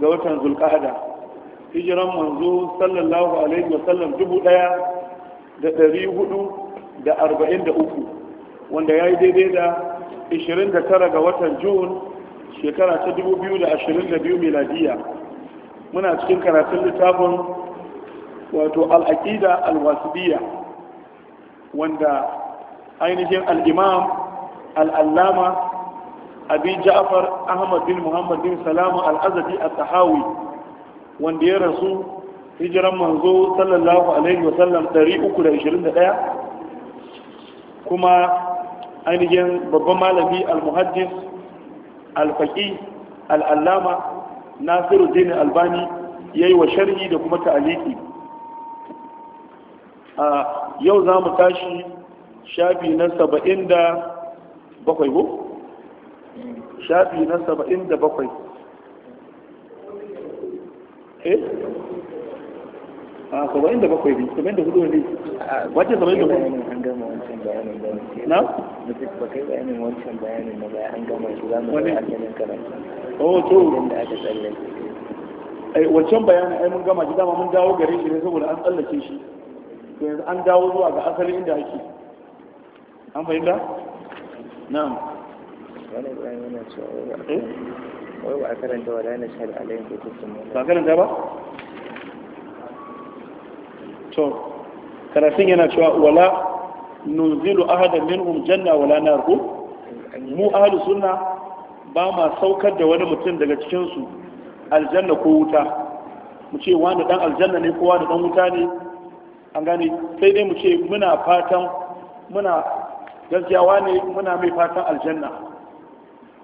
ga watan zulkahada hijiran manzo sallallahu alaihi wasallam dubu daya da dari hudu da arba'in da uku wanda ya yi daidai da ishirin da tara ga watan jun shekara ta dubu biyu da da ashirin 2022 miladiya muna cikin karatun littafin wato al'aƙida alwasidiya wanda ainihin al'imam al'allama abi ja'far ahmad bin muhammad bin salama al-azadi at-tahawi wanda ya rasu hijiran manzo sallallahu alaihi wasallam 321 kuma ainihin babban malami al-muhaddis al-faqi al-allama nasiruddin albani yayi wa sharhi da kuma ta'aliki a yau za mu tashi shafi na 77 ko shafi na saba'in da bakwai eh a saba'in da bakwai ne saba'in da hudu ne wajen saba'in da hudu an gama wancan bayanin da na ba kai bayanin wancan bayanin na bayan an gama shi za mu yi asalin karatu oh to yadda aka tsallake ai wancan bayanin ai mun gama shi dama mun dawo gare shi ne saboda an tsallake shi to yanzu an dawo zuwa ga asalin inda ake an fahimta na'am wani ibrahim yana cewa eh, wai ba a karanta wa ko ba karanta ba to karatun yana cewa wala nunzilu ahada minhum janna wala nar mu ahlus sunna ba ma saukar da wani mutum daga cikin su aljanna ko wuta mu ce wani dan aljanna ne ko wani dan wuta ne an gane sai dai mu ce muna fatan muna gaskiya wani muna mai fatan aljanna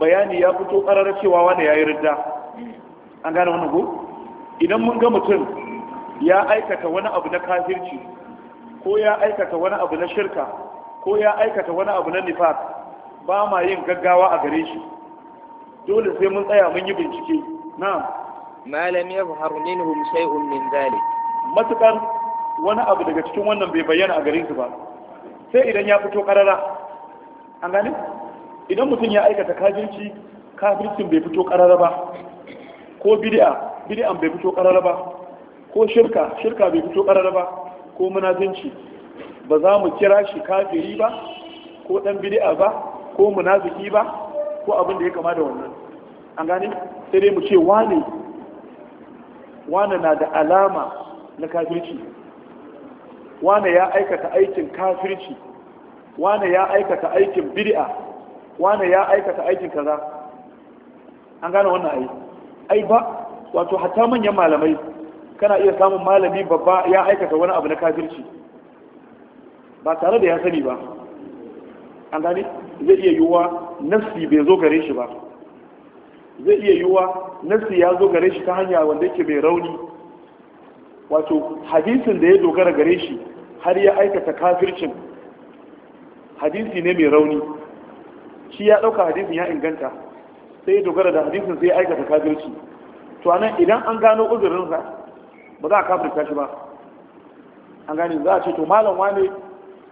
bayani ya fito ƙarar cewa wanda ya yi ridda an gane wani ko idan mun ga mutum ya aikata wani abu na kafirci ko ya aikata wani abu na shirka ko ya aikata wani abu na nifas ba ma yin gaggawa a gare shi dole sai mun tsaya mun yi bincike na'am malam ya faru minhum shay'un min dhalik matukan wani abu daga cikin wannan bai bayyana a gare su ba sai idan ya fito karara an gane idan mutum ya aikata kafirci kafircin bai fito karara ba ko bid'a bid'an bai fito karara ba ko shirka shirka bai fito karara ba ko munafinci ba za mu kira shi kafiri ba ko dan bid'a ba ko munafiki ba ko abin da ya kama da wannan an gane sai dai mu ce wane wane na da alama na kafirci wane ya aikata aikin kafirci wane ya aikata aikin bid'a wane ya aikata aikin kaza an gane wannan ai ai ba wato hatta manyan malamai kana iya samun malami babba ya aikata wani abu na kafirci ba tare da ya sani ba an gane zai iya yiwuwa nafsi bai zo gare shi ba zai iya yiwuwa nafsi ya zo gare shi ta hanya wanda yake mai rauni wato hadisin da ya dogara gare shi har ya aikata kafircin hadisi ne mai rauni shi ya ɗauka hadisin ya inganta sai ya dogara da hadisin sai ya aikata kafirci to anan idan an gano uzurinsa ba za a kafirta shi ba an gane za a ce to malam wane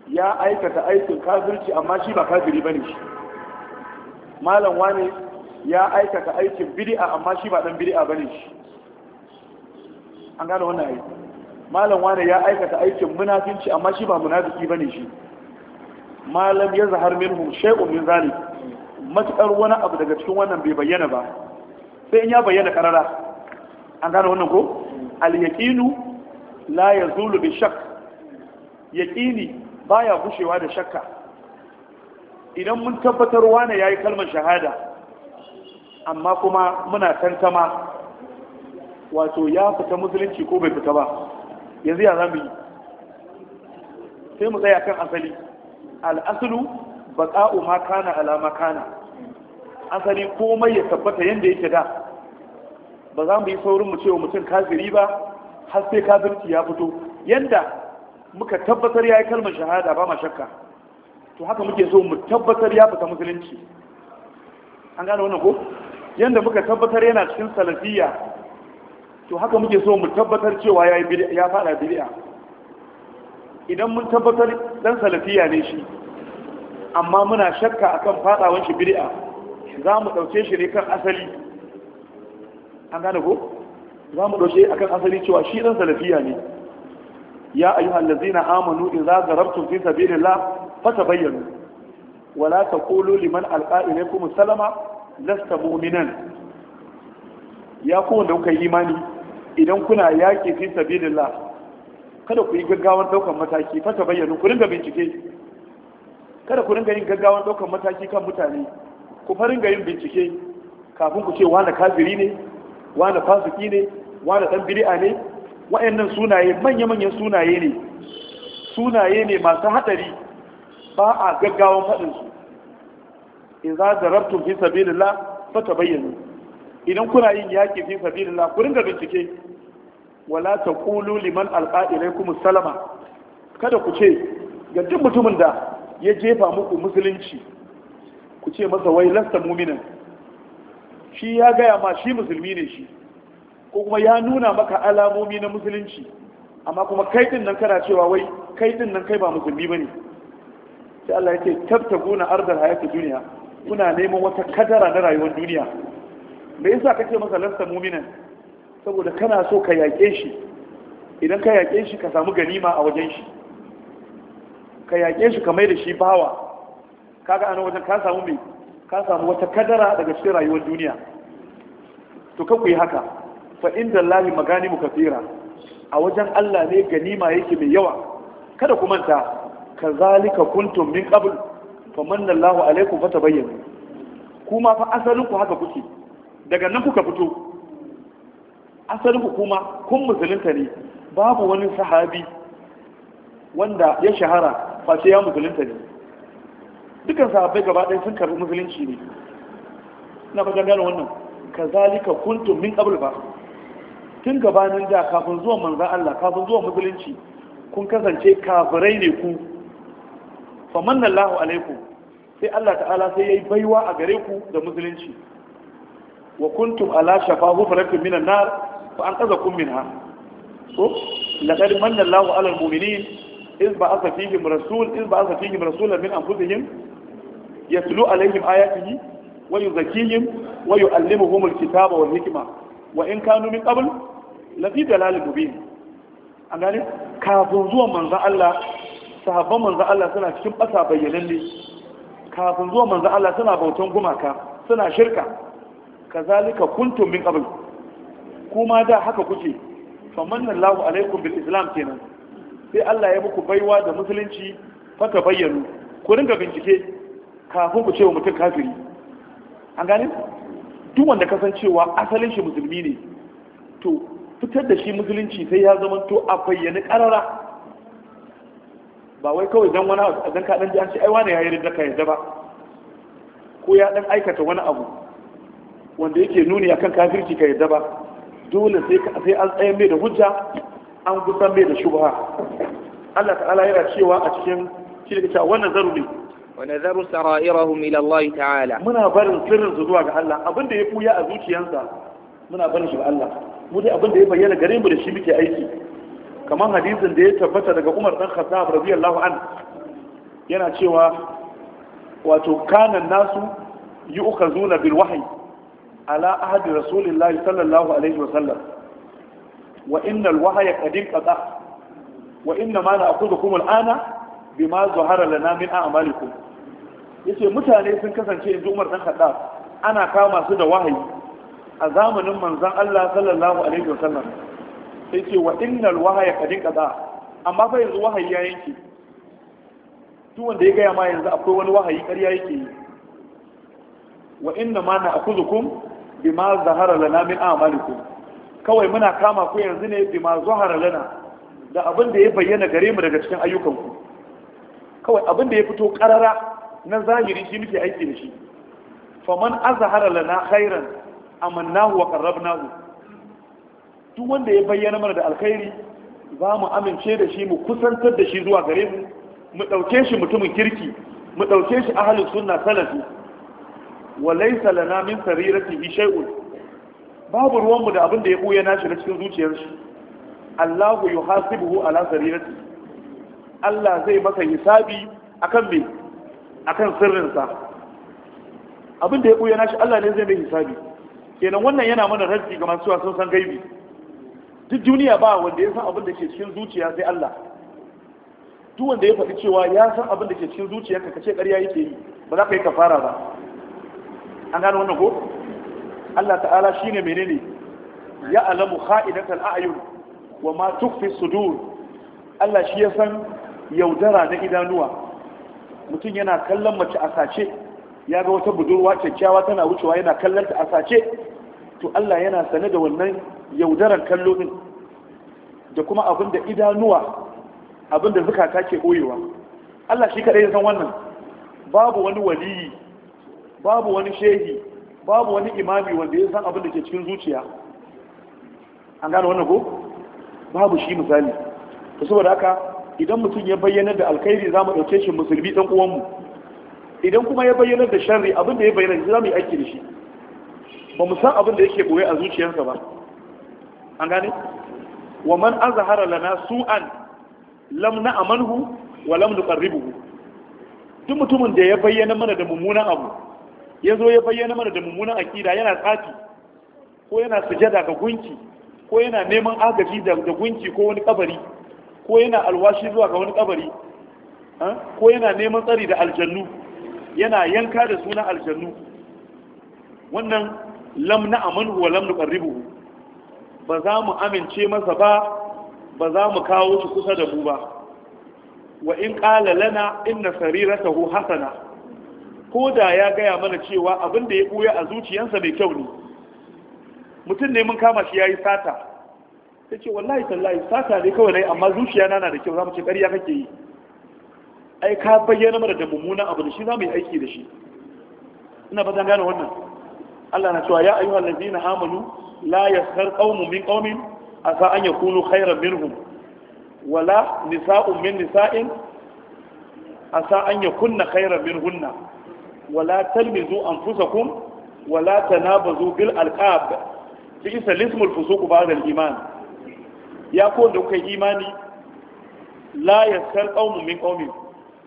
ya aikata aikin kafirci amma shi ba kafiri ne shi malam wane ya aikata aikin bidi'a, amma shi ba dan ba ne shi an gane wannan aiki malam wane ya aikata aikin munafinci amma shi ba munafiki ne shi malam ya zahar hu shay'un min zalik matukar wani abu daga cikin wannan bai bayyana ba sai in ya bayyana karara an gane wannan ko al-yaqinu la yazulu bi shakk yaqini baya gushewa da shakka idan mun tabbatar wani yayi kalmar shahada amma kuma muna tantama wato ya fita musulunci ko bai fita ba yanzu ya zamu sai mu tsaya kan asali al-aslu baqa'u ma kana ala ma kana asali komai ya tabbata yadda yake da ba za mu yi saurin mu cewa mutum kafiri ba har sai kafirci ya fito yadda muka tabbatar ya yi kalmar shahada ba ma shakka to haka muke so mu tabbatar ya fita musulunci an gane wannan ko yadda muka tabbatar yana cikin salafiyya to haka muke so mu tabbatar cewa ya ya fada bid'a idan mun tabbatar dan salafiyya ne shi amma muna shakka akan fadawan shi bid'a za mu ɗauke shi ne kan asali an gane ko za mu ɗauke kan asali cewa shi ɗan salafiya ne ya ayyuhal na amanu idza darabtum fi fata bayyana wala kolo liman ne kuma salama lasta mu'minan ya kowane da kuka yi imani idan kuna yaƙi fi la. kada ku yi gaggawan ɗaukar mataki bayyana ku ringa bincike kada ku ringa yin gaggawan ɗaukar mataki kan mutane ku farin yin bincike kafin ku ce wane kafiri ne na fasiki ne na dan bid'a ne wayannan sunaye manya-manyan sunaye ne sunaye ne masu hadari ba a gaggawan fadin su idza darabtum fi sabilillah tabayyanu idan kuna yin yaki fi sabilillah ku ringa bincike wala taqulu liman alqa ilaykum salama kada ku ce ga duk mutumin da ya jefa muku musulunci ku ce masa wai lasta muminan shi ya gaya ma shi musulmi ne shi ko kuma ya nuna maka alamomi na musulunci amma kuma kai din nan kana cewa wai kai din nan kai ba musulmi bane sai Allah yake tabtaguna ardar hayati duniya kuna neman wata kadara na rayuwar duniya me yasa kace masa lasta mumina saboda kana so ka yaƙe shi idan ka yaƙe shi ka samu ganima a wajen shi ka yaƙe shi ka mai da shi bawa kaga ana wajen ka samu mai ka samu wata kadara daga cikin rayuwar duniya to ka yi haka fa inda lahi magani mu kafira a wajen Allah ne ganima yake mai yawa kada ku manta kazalika kuntum min qabl fa manna Allahu alaikum fatabayyanu kuma fa asalin ku haka kuke daga nan kuka fito asalin ku kuma kun musulunta ne babu wani sahabi wanda ya shahara face ya musulunta ne dukkan sahabbai gaba ɗaya sun karɓi musulunci ne na fatan gane wannan Ka zalika kuntum min qabl ba tun gabanin da kafin zuwan manzon Allah kafin zuwan musulunci kun kasance kafirai ne ku manna Allahu alaikum sai Allah ta'ala sai yayi baiwa a gare ku da musulunci wa kuntum ala shafa hufratin minan nar fa anqazakum minha so laqad manna Allahu alal mu'minin إذ بعث فيهم رسول إذ بعث فيهم رسولا من أنفسهم yatlu alaihim ayatihi wa yuzakkihim wa yuallimuhum alkitaba wal hikma wa in kanu min qabl la fi dalalin mubin an gane kafin zuwan manzon Allah sahabban manzon Allah suna cikin bata bayyananne kafin zuwan manzon Allah suna bautan gumaka suna shirka kazalika kuntum min qabl kuma da haka kuke famanna Allahu alaikum bil islam kenan sai Allah ya muku baiwa da musulunci faka bayyanu ku ringa bincike kafin ku ce wa mutum kafiri an gane duk wanda kasancewa asalin shi musulmi ne to fitar da shi musulunci sai ya zama to a bayyana karara ba wai kawai dan wani a dan kaɗan dan aiwa ne ya yi rinda ka yadda ba ko ya dan aikata wani abu wanda yake nuni akan kafirci ka yarda ba dole sai sai an tsaye mai da hujja an gusan mai da shubha Allah ta'ala yana cewa a cikin shi da cewa wannan wa nazaru sara'irahum ila Allah ta'ala muna barin sirrin zuwa ga Allah abinda ya buya a zuciyansa muna barin shi Allah mu abinda ya bayyana gare mu da shi muke aiki kamar hadisin da ya tabbata daga Umar dan Khattab radiyallahu an yana cewa wato kana nasu yu'khazuna bil wahyi ala ahadi rasulillahi sallallahu alaihi wa sallam wa innal wahya ana bima zuhara lana min a'malikum yace mutane sun kasance inji Umar dan Khattab ana kama su da wahayi a zamanin manzon Allah sallallahu alaihi wasallam yace wa innal wahaya kadin qada amma fa yanzu wahayi ya yanke duk wanda ya gaya ma yanzu akwai wani wahayi ƙarya yake yi wa inna ma na'khudhukum bima zahara lana min a'malikum kawai muna kama ku yanzu ne bima zahara lana da abin da ya bayyana gare mu daga cikin ayyukanku kawai abin da ya fito karara na zahiri shi muke aiki da shi faman azhara lana khairan amannahu wa qarrabnahu duk wanda ya bayyana mana da alkhairi za mu amince da shi mu kusantar da shi zuwa gare mu mu dauke shi mutumin kirki mu dauke shi ahlus sunna salafi wa laysa lana min sariratihi shay'un babu ruwanmu da abin da ya buya nashi na cikin zuciyar shi Allahu yuhasibuhu ala sariratihi Allah zai masa hisabi akan me akan sirrinsa abin da ya buya nashi Allah ne zai mai hisabi kenan wannan yana mana raddi ga masu sun san gaibi duk duniya ba wanda ya san abin da ke cikin zuciya sai Allah duk wanda ya faɗi cewa ya san abin da ke cikin zuciyarka kace ƙarya yake yi ba za ka yi kafara ba an gano wannan ko Allah ta'ala shine menene ya alamu kha'idatal a'yun wa ma tukfi sudur Allah shi ya san yaudara na idanuwa mutum yana kallon mace a sace ya ga wata budurwa kyakkyawa tana wucewa yana kallon ta a sace to Allah yana sane da wannan yaudaran kallo din da kuma abin da idanuwa abin da zukata ke koyewa Allah shi kaɗai ya san wannan babu wani waliyi babu wani shehi babu wani imami wanda ya san abin da ke cikin zuciya an gane wannan ko babu shi misali to saboda haka idan mutum ya bayyana da alkhairi za mu ɗauke shi musulmi ɗan uwanmu idan kuma ya bayyana da sharri abin da ya bayyana za mu yi aiki da shi ba mu san abin da yake boye a zuciyarsa ba an gane wa man azhara lana su'an lam na'manhu wa lam nuqarribuhu duk mutumin da ya bayyana mana da mummunan abu ya zo ya bayyana mana da mummunan akida yana tsafi ko yana sujada ga gunki ko yana neman agaji da gunki ko wani kabari ko yana alwashi zuwa ga wani kabari ko yana neman tsari da aljannu yana yanka da suna aljannu wannan lam na aman wa lam nuqarribu ba za mu amince masa ba ba za mu kawo shi kusa da mu ba wa in qala lana inna hu hasana ko da ya gaya mana cewa abin da ya buya a zuciyarsa mai kyau ne mutum ne mun kama shi ya yi sata ta ce wallahi tallahi sata ne kawai nai amma zuciya na na da kyau za mu ce ƙarya kake yi ai ka bayyana mara da mummunan abu da shi za mu yi aiki da shi ina ba zan gane wannan Allah na cewa ya ayyuhal ladzina amanu la yaskhar qaumun min qaumin asa an yakunu khayran minhum wala nisa'un min nisa'in asa an yakunna khayran minhunna wala talmizu anfusakum wala tanabazu bil alqab bi'sa ismul fusuq ba'da al iman ya ko da kuka imani la yaskal qaumun min qaumin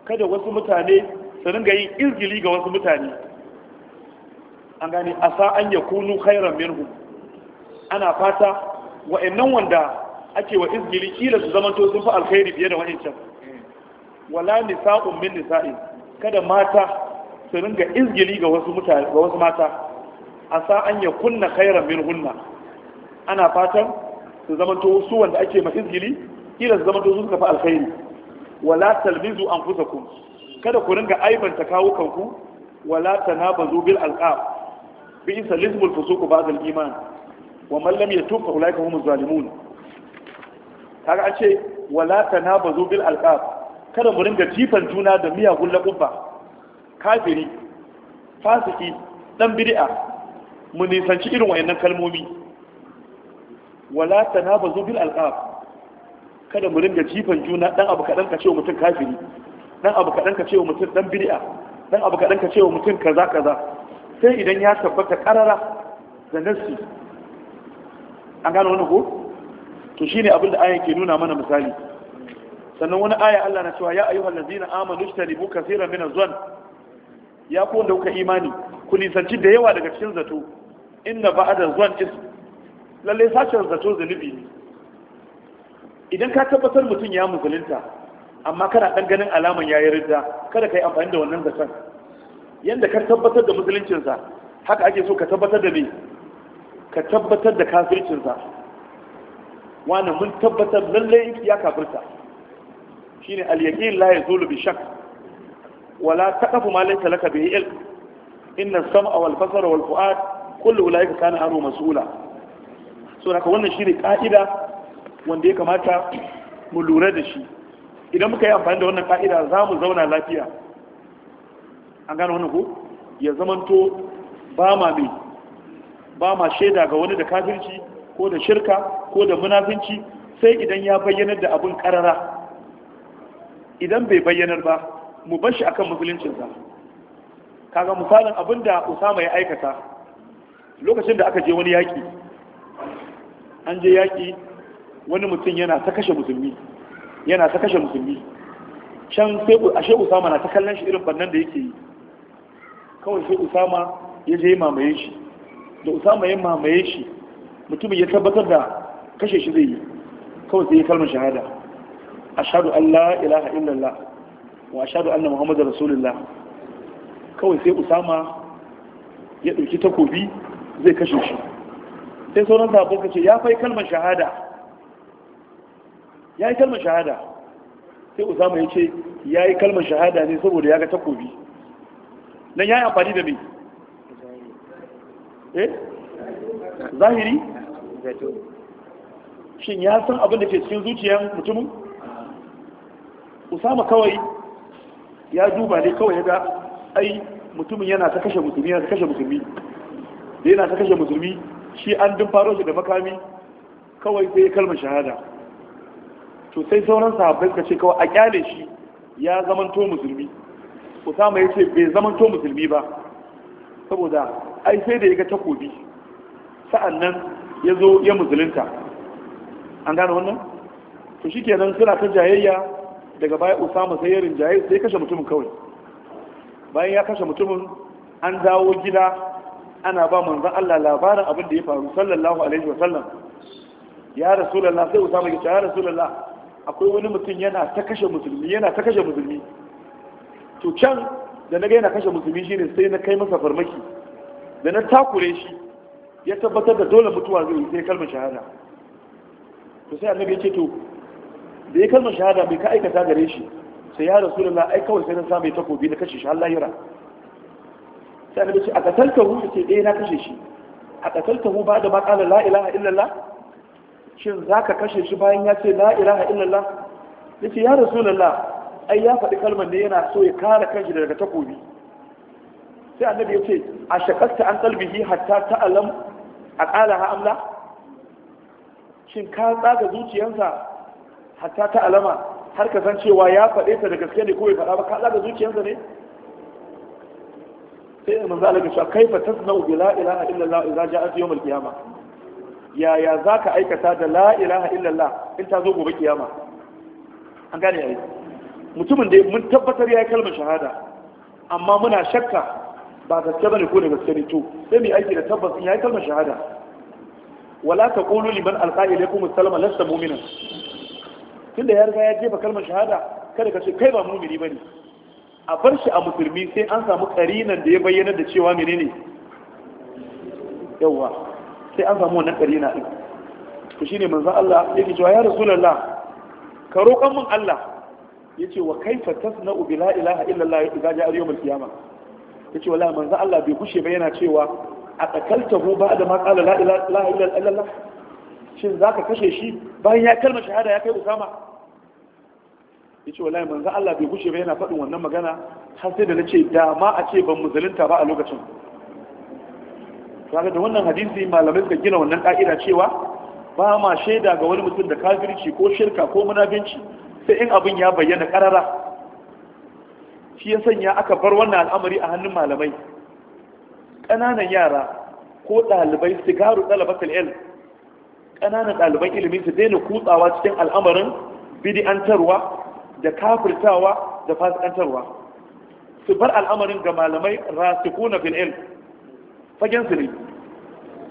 kada wasu mutane su ringa yin izgili ga wasu mutane an gane sa an kunu khairan minhu ana fata wa'annan wanda ake wa izgili kila su zamanto sun fi alkhairi biye da wa'ancan wala nisa'un min nisa'i kada mata su ringa izgili ga wasu mutane ga wasu mata sa an kunna khairan minhunna ana fatan su zamanto su wanda ake ma izgili kila su zamanto su suka fi alkhairi wala talmizu anfusakum kada ku ringa aibanta kawo kanku wala tanabazu bil alqab bi isa lismul fusuq ba'd al iman wa man lam yatub fa ulaika humuz zalimun kaga an ce wala tanabazu bil alqab kada mu ringa jifan juna da miyagun laƙuba kafiri fasiki dan bid'a mu nisanci irin wayannan kalmomi wala ba bil alqab kada mu ringa jifan juna dan abu kadan ka ce wa mutum kafiri dan abu kadan ka ce wa mutum dan bid'a dan abu kadan ka ce wa mutum kaza kaza sai idan ya tabbata ƙarara da nassi an gano wannan ko to shine abin da ayan ke nuna mana misali sannan wani aya Allah na cewa ya ayyuhal ladzina amanu ishtaribu kaseeran min az-zann ya ku wanda kuka imani ku nisanci da yawa daga cikin zato inna ba'da zann ism lallai sashen zato zunubi ne idan ka tabbatar mutum ya musulunta amma kana dan ganin alaman ya yi ridda kada ka yi amfani da wannan zaton Yadda ka tabbatar da musuluncinsa haka ake so ka tabbatar da me ka tabbatar da kafircinsa wani mun tabbatar lallai ya kafirta Shi ne yaqin la yazulu bi shak. wala taqafu ma laysa laka bihi ilm inna as-sam'a wal basara wal fu'ad kullu ulaika kana anhu mas'ula so ka wannan shi ne ka'ida wanda ya kamata mu lura da shi idan muka yi amfani da wannan ka'ida za mu zauna lafiya an gane wannan ko ya zamanto ba ma mai ba ma shaida ga wani da kafirci ko da shirka ko da munafinci sai idan ya bayyanar da abin karara idan bai bayyanar ba mu bashi akan musuluncinsa kaga misalin abin da usama ya aikata lokacin da aka je wani yaƙi an je yaƙi wani mutum yana ta kashe musulmi yana ta kashe musulmi can sai a ashe usama na ta kallon shi irin bannan da yake yi kawai sai usama ya je mamaye shi da usama ya mamaye shi mutumin ya tabbatar da kashe shi zai yi kawai sai ya kalmar shahada ashhadu an la ilaha illallah wa ashhadu anna Muhammadu rasulullah kawai sai usama ya ɗauki takobi zai kashe shi sai sauran sahabbai suka ce ya fai kalmar shahada ya yi kalmar shahada sai usama ya ce ya yi kalmar shahada ne saboda ya ga takobi nan ya yi amfani da mai eh zahiri shin ya san abin da ke cikin zuciyar mutumin usama kawai ya duba ne kawai ya ga ai mutumin yana ta kashe musulmi yana ta kashe musulmi da yana ta kashe musulmi shi an dun faro shi da makami kawai sai ya kalma shahada to sai sauran sahabbai suka ce kawai a kyale shi ya zamanto musulmi usama ya ce bai zamanto musulmi ba saboda ai sai da ya ga takobi sa'annan ya zo ya musulunta an gane wannan to shikenan suna ta jayayya daga baya usama sai ya rinjaye sai kashe mutumin kawai bayan ya kashe mutumin an dawo gida ana ba manzon Allah labarin abin da ya faru sallallahu alaihi wasallam ya rasulullah sai usama ya ce ya rasulullah akwai wani mutum yana ta kashe musulmi yana ta kashe musulmi to can da na ga yana kashe musulmi shine sai na kai masa farmaki da na takure shi ya tabbatar da dole mutuwa zai yi sai kalmar shahada to sai annabi ya ce to da ya kalmar shahada bai ka aikata gare shi sai ya rasulullah ai kawai sai na samu takobi na kashe shi har lahira sai annabi ce a qataltahu ce eh na kashe shi a mu ba da ma qala la ilaha illallah shin zaka kashe shi bayan ya ce la ilaha illallah yace ya rasulullah ai ya faɗi kalmar da yana so ya kare kanshi daga takobi sai annabi ya ce a shakasta an kalbihi hatta ta'alam a ƙala amla? shin ka tsaga zuciyarsa hatta ta'alama har ka san cewa ya faɗe ta da gaske ne ko ya faɗa ba ka tsaga zuciyarsa ne sai da manzo Allah ya ce kaifa tasna'u bi la ilaha illallah idza ja'at yawm al-qiyamah yaya zaka aikata da la ilaha illallah in ta zo gobe kiyama an gane yayi mutumin da mun tabbatar ya yi kalmar shahada amma muna shakka ba gaske bane ko da gaske ne to sai mu aiki da tabbas ya yi kalmar shahada wala taqulu liman alqa ilaykum assalama lasta mu'minan tunda ya riga ya jefa kalmar shahada kada ka ce kai ba mu'mini bane a bar shi a musulmi sai an samu karinan da ya bayyana da cewa menene yawa sai an samu wannan karina din to shine manzo Allah ya yake cewa ya rasulullah ka roƙan mun Allah yace wa kaifa tasna'u bi la ilaha illa Allah idza ja'a yawmul qiyamah yace wallahi manzo Allah bai kushe ba yana cewa a takalta hu ba da ma qala la ilaha illa Allah shin zaka kashe shi bayan ya kalma shahada ya kai usama ya ce wallahi manzo Allah bai gushe ba yana faɗin wannan magana har sai da na ce da ma a ce ban muzalinta ba a lokacin kaga da wannan hadisi malamai suka gina wannan ka'ida cewa ba ma shaida ga wani mutum da kafirci ko shirka ko munafinci sai in abin ya bayyana karara shi ya sanya aka bar wannan al'amari a hannun malamai ƙananan yara ko ɗalibai sigaru ɗalabatul ilm ƙananan ɗaliban ilimin su daina kutsawa cikin al'amarin bidi'antarwa da kafirtawa da fasikantarwa su bar al'amarin ga malamai rasikuna fil ilm fagen su ne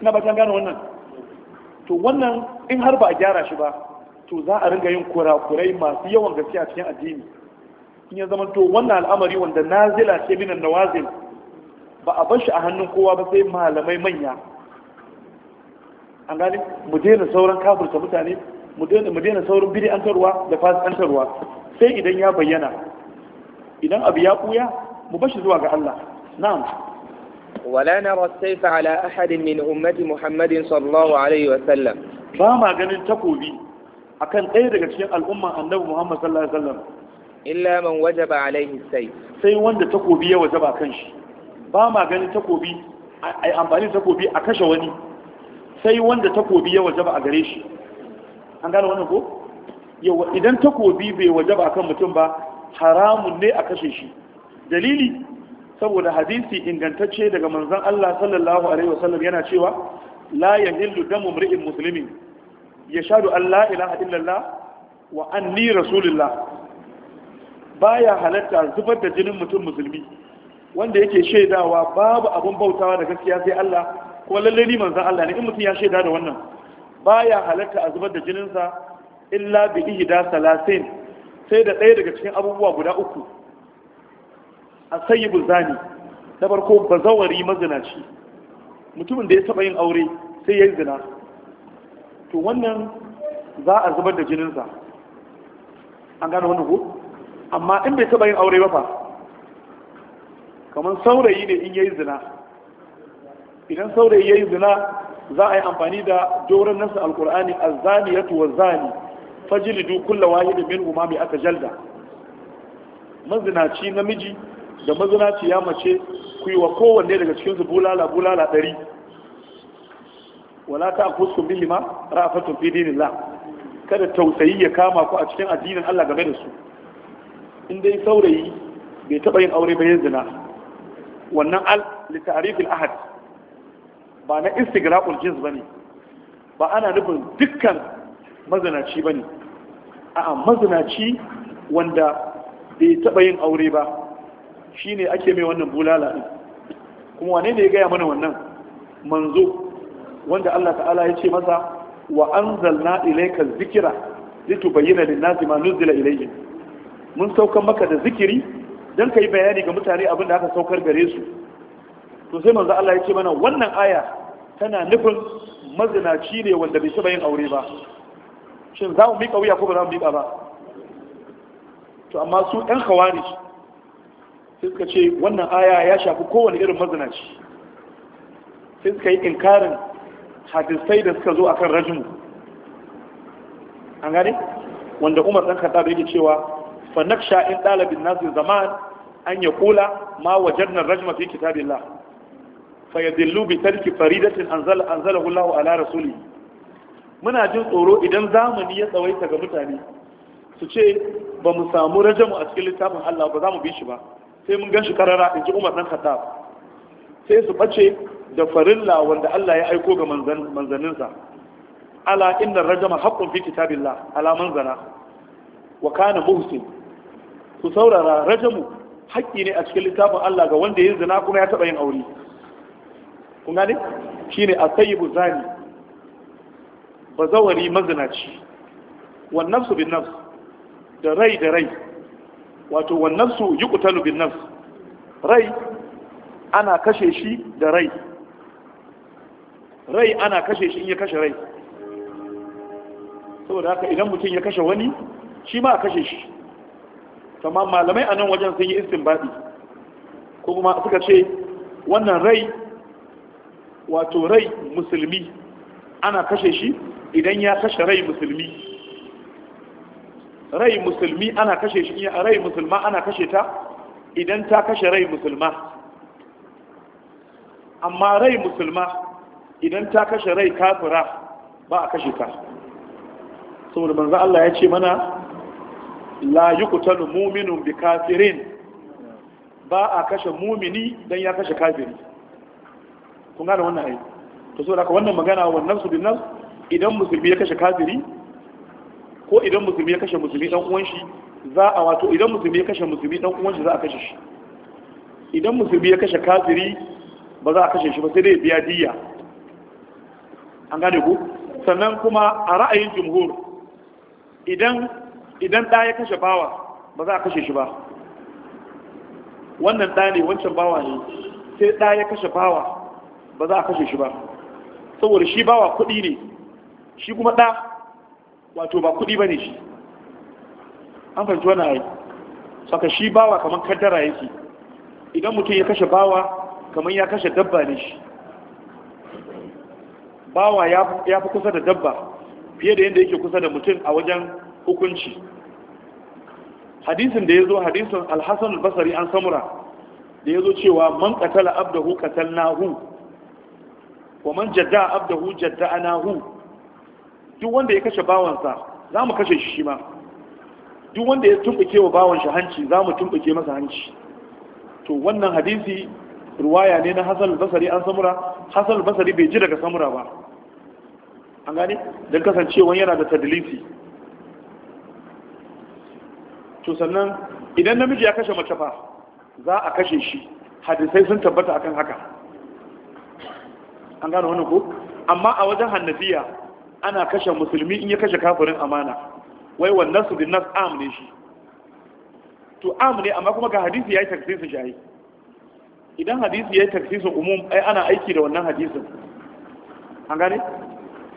ina ba gane wannan to wannan in har ba a gyara shi ba to za a ringa yin kurakurai masu yawan gaske a cikin addini in ya zama to wannan al'amari wanda nazila ce minan nawazil ba a bar shi a hannun kowa ba sai malamai manya an gani mu daina sauran kafirta mutane mu daina saurin bid'antarwa da fasikantarwa sai idan ya bayyana idan abu ya buya mu bashi zuwa ga Allah na'am wala nara sayfa ala ahadin min ummati muhammadin sallallahu alaihi wa ba ma ganin takobi akan ɗaya daga cikin al'umman annabi muhammad sallallahu alaihi wa sallam illa man alaihi sayf sai wanda takobi ya wajaba kan shi ba ma ganin takobi ai amfani takobi a kashe wani sai wanda takobi ya wajaba a gare shi an gane wannan ko yawa idan takobi bai wajaba akan mutum ba haramun ne a kashe shi dalili saboda hadisi ingantacce daga manzon Allah sallallahu alaihi wasallam yana cewa la yahillu damu mri'in muslimin yashhadu an la ilaha illallah wa anni rasulullah baya halatta zubar da jinin mutum musulmi wanda yake shaidawa babu abun bautawa da gaskiya sai Allah ko lalle ni manzon Allah ne in mutum ya shaida da wannan baya halatta a zubar da jininsa illa bi ihda salasin sai da ɗaya daga cikin abubuwa guda uku a sayyibu zani na farko bazawari mazinaci mutumin da ya taɓa yin aure sai ya yi zina to wannan za a zubar da jininsa an gane wannan ko amma in bai taɓa yin aure ba fa kamar saurayi ne in ya yi zina idan saurayi ya yi zina za a yi amfani da jorin nasu alkur'ani azzaniyatu fajilidu kulla da da min umami aka jalda mazinaci namiji da mazinaci ya mace ku yi wa kowanne daga cikin su bulala bulala ɗari wala ta akuskum bihi ra'afatun fi dinillah kada tausayi ya kama ku a cikin addinin Allah game da su in dai saurayi bai taɓa yin aure ba yin zina wannan al li ta'rif ahad ba na Instagram jins ne ba ana nufin dukkan mazinaci bane a'a mazinaci wanda bai taba yin aure ba shine ake mai wannan bulala ɗin. kuma wane ne ya gaya mana wannan manzo wanda Allah ta'ala ya ce masa wa zikira, zikira zitu bayyana da nazi ma nuzila ilaihi. mun saukar maka da zikiri don ka yi bayani ga mutane abin da aka saukar gare su to sai manzo Allah ya ce mana wannan aya tana nufin mazinaci ne wanda bai taba yin aure ba shin za mu miƙa wuya ko ba za mu miƙa ba to amma su ɗan khawarij sai suka ce wannan aya ya shafi kowane irin mazinaci sai suka yi inkarin hadisai da suka zo akan rajmu an gane wanda Umar dan Khattab yake cewa fa naksha in ɗalibin nasu zaman an ya kula ma wajarnar rajma fi kitabillah fa bi tarki faridatin anzala anzalahu Allahu ala rasuli muna jin tsoro idan zamani ya tsawaita ga mutane su ce ba mu samu rajamu a cikin littafin Allah ba za mu bi shi ba sai mun ganshi karara in ji Umar dan Khattab sai su bace da farilla wanda Allah ya aiko ga manzanninsa ala inna rajama haqqun fi kitabillah ala manzana wa kana muhsin ku saurara rajamu haƙƙi ne a cikin littafin Allah ga wanda yin zina kuma ya taɓa yin aure kun gane shine at-tayyibu zani bazawari mazinaci wan nafsu bin nafs da rai da rai wato wan nafsu yuqtalu bin nafs rai ana kashe shi da rai rai ana kashe shi in ya kashe rai saboda haka idan mutum ya kashe wani shi ma a kashe shi kamar malamai a nan wajen sun yi istin ko kuma suka ce wannan rai wato rai musulmi ana kashe shi idan ya kashe rai musulmi rai musulmi ana kashe shi rai musulma ana kashe ta idan ta kashe rai musulma amma rai musulma idan ta kashe rai kafira ba a kashe ta saboda manzo Allah ya ce mana la yuqtalu mu'minun bi kafirin ba a kashe mumini dan ya kashe kafiri kun gane wannan ai to so da wannan magana wa nafsu bin nafs idan musulmi ya kashe kafiri ko idan musulmi ya kashe musulmi dan uwan shi za a wato idan musulmi ya kashe musulmi dan uwan shi za a kashe shi idan musulmi ya kashe kafiri ba za a kashe shi ba sai dai biya diya an gane ku sannan kuma a ra'ayin jumhur idan idan da ya kashe bawa ba za a kashe shi ba wannan ɗa ne wancan bawa ne sai da ya kashe bawa ba za a kashe shi ba saboda shi bawa kuɗi ne shi kuma ɗa wato ba kuɗi ba ne shi an fahimci wani ayi saka shi bawa kamar kaddara yake idan mutum ya kashe bawa kamar ya kashe dabba ne shi bawa ya fi kusa da dabba fiye da yadda yake kusa da mutum a wajen hukunci hadisin da ya zo hadisin alhassan basari an samura da ya zo cewa man katala abdahu Hu. wa man jadda abdahu jadda anahu duk wanda ya kashe bawansa za mu kashe shi ma duk wanda ya tumbuke wa bawan shi hanci za mu tumbuke masa hanci to wannan hadisi ruwaya ne na hasan al-basri an samura hasan al-basri bai ji daga samura ba an gane don kasancewa yana da tadlisi to sannan idan namiji ya kashe mace fa za a kashe shi hadisai sun tabbata akan haka an gane wani ko amma a wajen hannafiya ana kashe musulmi in ya kashe kafirin amana wai wannan su dinnas nas am ne shi to am ne amma kuma ga hadisi yayi taksisin shi idan hadisi yayi taksisin umum ai ana aiki da wannan hadisin an gane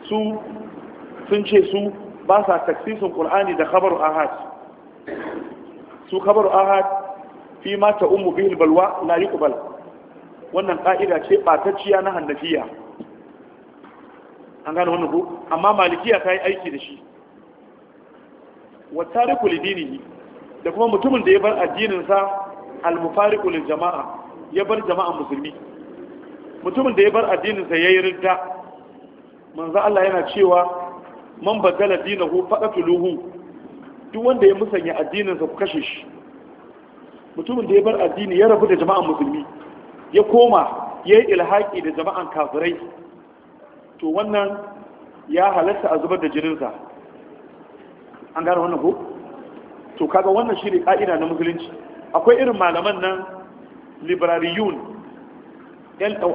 su sun ce su ba sa taksisin qur'ani da khabaru ahad su khabaru ahad fi ma ta ummu bihi albalwa la yuqbal wannan ƙa'ida ce batacciya na hannafiya an gane wannan ku amma malikiya ta yi aiki da shi wa tariku lidinihi da kuma mutumin da ya bar addininsa al-mufariqu lil jama'a ya bar jama'an musulmi mutumin da ya bar addininsa yayi ridda manzo Allah yana cewa man badala dinahu faqatuluhu duk wanda ya musanya addininsa ku kashe shi mutumin da ya bar addini ya rabu da jama'an musulmi ya koma ya yi ilhaƙi da jama'an kafirai to wannan ya halatta a zubar da jininsa an gane wannan ko to kaga wannan shi ne ƙa'ida na musulunci akwai irin malaman nan librariyun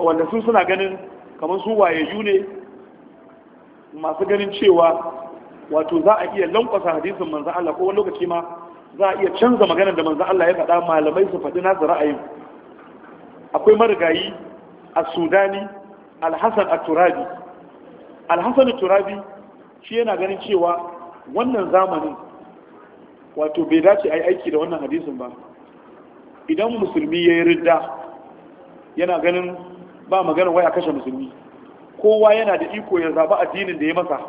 wanda sun suna ganin kamar su waye ne masu ganin cewa wato za a iya lankwasa hadisin manzan Allah ko wani lokaci ma za a iya canza maganar da manzan Allah ya faɗa malamai su faɗi nasu ra'ayin akwai marigayi a sudani alhassan a turabi alhassan a turabi shi yana ganin cewa wannan zamanin wato bai dace a yi aiki da wannan hadisin ba idan musulmi ya yi ridda yana ganin ba magana wai a kashe musulmi kowa yana da iko ya zaɓi addinin da ya masa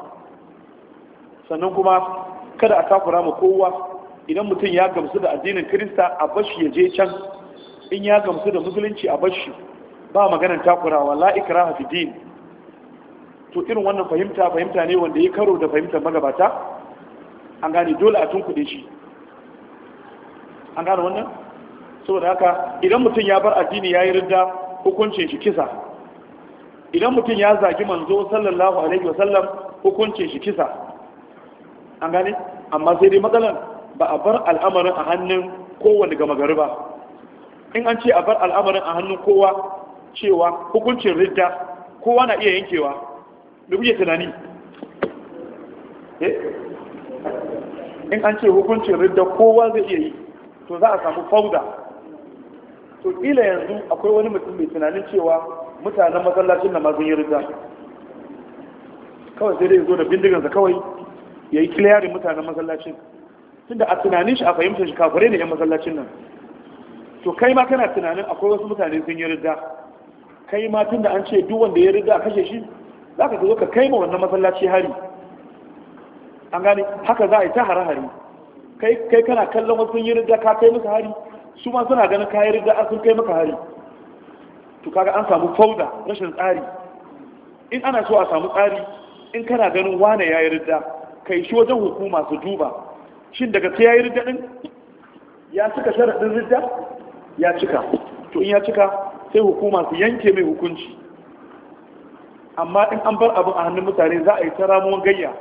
sannan kuma kada a takura ma kowa idan mutum ya gamsu da addinin kirista a bashi ya je can in ya gamsu da musulunci a bashi ba maganan takurawa la ikraha fi din to irin wannan fahimta fahimta ne wanda ya karo da fahimtar magabata an gane dole a tunkuɗe shi an gane wannan saboda haka idan mutum ya bar addini ya yi ridda hukuncin shi kisa idan mutum ya zagi manzo sallallahu alaihi wasallam hukuncin shi kisa an gane amma sai dai matsalan ba a bar al'amarin a hannun kowane gama gari ba in an ce a bar al'amarin a hannun kowa cewa hukuncin ridda kowa na iya yankewa da kuke tunani eh? in an ce hukuncin ridda kowa zai iya yi to za a samu fauda to ila yanzu akwai wani mutum mai tunanin cewa mutanen masallacin na mazun yi ridda kawai sai dai zo da bindiganza kawai ya yi kiliyarin mutanen masallacin tunda a tunanin shi a fahimtar shi kafirai ne 'yan masallacin nan to kai ma kana tunanin akwai wasu mutane sun yi rida kai ma tunda an ce duk wanda ya rida a kashe shi za ka zo ka kai ma wannan masallaci hari an gane haka za a yi ta hare hari kai kana kallon wasu yi rida ka kai maka hari su ma suna ganin kayan rida an sun kai maka hari to kaga an samu fauda rashin tsari in ana so a samu tsari in kana ganin wane ya yi rida kai shi wajen hukuma su duba shin daga sai ya yi rida din ya suka sharaɗin rida ya cika to in ya cika sai hukuma su yanke mai hukunci amma in an bar abin a hannun mutane za a yi ta ramuwan gayya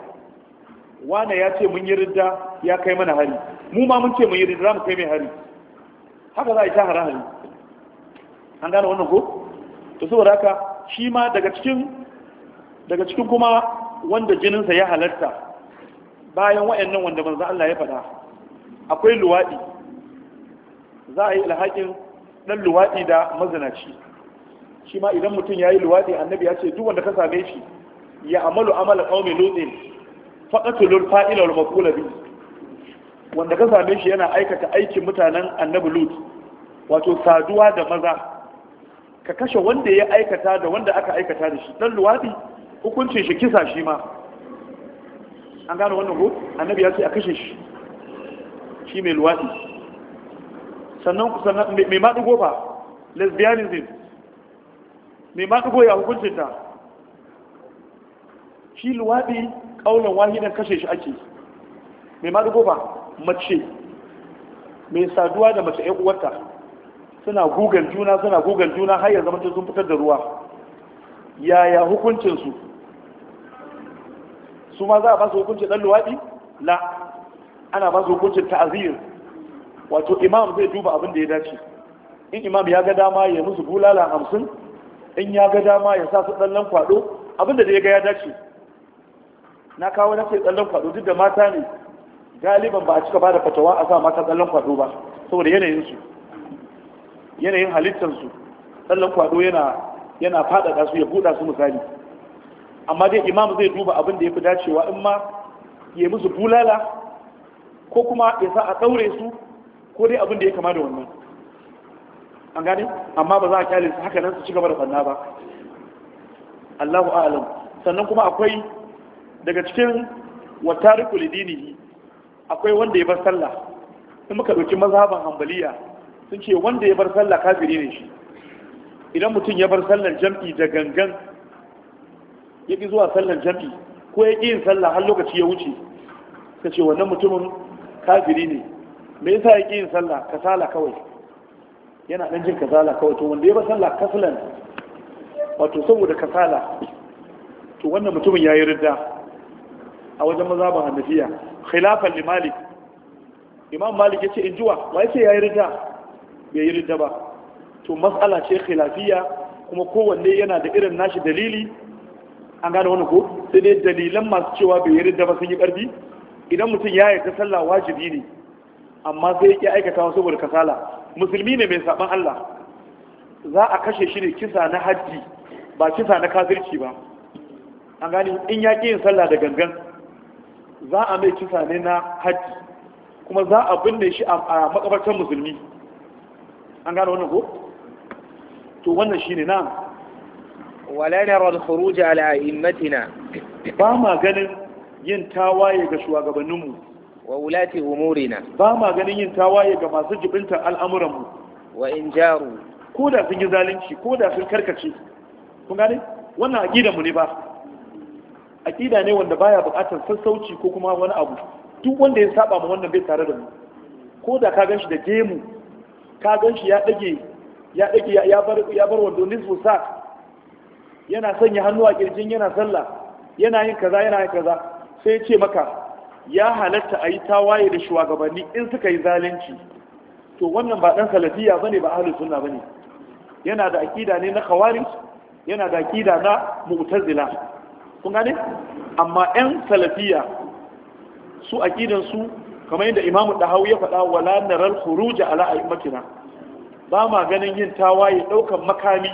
wane ya ce mun yi ridda ya kai mana hari mu ma mun ce mun yi ridda za mu kai mai hari haka za a yi ta hari an gane wannan ko to saboda haka shi ma daga cikin daga cikin kuma wanda jininsa ya halarta, bayan wa'annan wanda manzo Allah ya faɗa akwai luwadi za a yi alhakin dan luwaɗi da mazinaci shi ma idan mutum ya yi luwaɗi annabi ya ce duk wanda ka same shi ya amalu amala qaumi lutin faqatul fa'ila wal maqula bi wanda ka same shi yana aikata aikin mutanen annabi lut wato saduwa da maza ka kashe wanda ya aikata da wanda aka aikata da shi dan luwaɗi hukuncin shi kisa shi ma an gano wannan ko annabi ya ce a kashe shi shi mai luwaɗi sannan sannan mai ma ba lesbianism mai ma ya hukuncinta shi luwaɗi ƙaunar wahidan kashe shi ake mai ma ba mace mai saduwa da mace ‘yan uwarta suna gugan juna suna gugan juna har yanzu mace sun fitar da ruwa yaya hukuncinsu su ma za a ba su hukuncin ɗan luwaɗi la ana ba su hukuncin ta'azir wato imam zai duba abin da ya dace in imam ya ga dama ya musu bulala hamsin in ya ga dama ya sa su tsallan kwado abin da ya ga ya dace na kawo na ce tsallan kwado duk da mata ne galiban ba a cika bada fatawa a sa mata tsallan kwado ba saboda yanayin su yanayin halittar su tsallan kwado yana yana fadada su ya buɗa su misali amma dai imam zai duba abin da ya fi dacewa in ma ya musu bulala ko kuma ya sa a ɗaure su ko dai abin da ya kama da wannan an gane amma ba za a kyale haka nan su ci gaba da sanna ba Allahu a'lam sannan kuma akwai daga cikin watarikul lidinihi akwai wanda ya bar sallah in muka dauki mazhaban hanbaliya sun ce wanda ya bar sallah kafiri ne shi idan mutum ya bar sallar jam'i da gangan ya ki zuwa sallar jam'i ko ya ƙi yin sallah har lokaci ya wuce ka ce wannan mutumin kafiri ne me yasa ya ƙi yin sallah kasala kawai yana ɗan jin kasala kawai to wanda ya ba sallah kaslan wato saboda kasala to wannan mutumin ya yi ridda a wajen mazhabin hannafiya khilafan li malik imam malik ya ce in juwa wa ya ce ya yi ridda bai yi ridda ba to matsala ce khilafiya kuma kowanne yana da irin nashi dalili an gane wani ko sai dai dalilan masu cewa bai yi ridda ba sun yi ƙarfi idan mutum ya ta sallah wajibi ne amma sai ya aikata saboda kasala musulmi ne mai saban Allah za a kashe shi ne kisa na hajji ba kisa na kafirci ba an gani in ya ƙi yin sallah da gangan za a mai kisa ne na hajji. kuma za a binne shi a makabartar musulmi an gano wannan ko to wannan shine na wala nara al-khuruj ala a'immatina ba ma ganin yin tawaye ga shugabanninmu wa wulati umurina ba ma ganin yin tawaye ga masu jibintar al'amuranmu wa in jaru ko da sun yi zalunci ko da sun karkace kun gane wannan aqida mu ne ba aqida ne wanda baya buƙatar sassauci ko kuma wani abu duk wanda ya saba ma wannan bai tare da mu ko da ka ganshi da gemu ka ganshi ya dage ya dage ya bar ya bar wando nisbu sa yana sanya hannu a kirjin yana sallah yana yin kaza yana yin kaza sai ya ce maka ya halatta a yi tawaye da shugabanni in suka yi zalunci to wannan ba ɗan salafiya bane ba ahlus sunna bane yana da aƙida ne na khawarij yana da aƙida na mu'tazila kun gane amma 'yan salafiya su akidan su kamar yadda imamu dahawi ya faɗa wala naral kuruja ala a'immatina ba ma ganin yin tawaye ɗaukan makami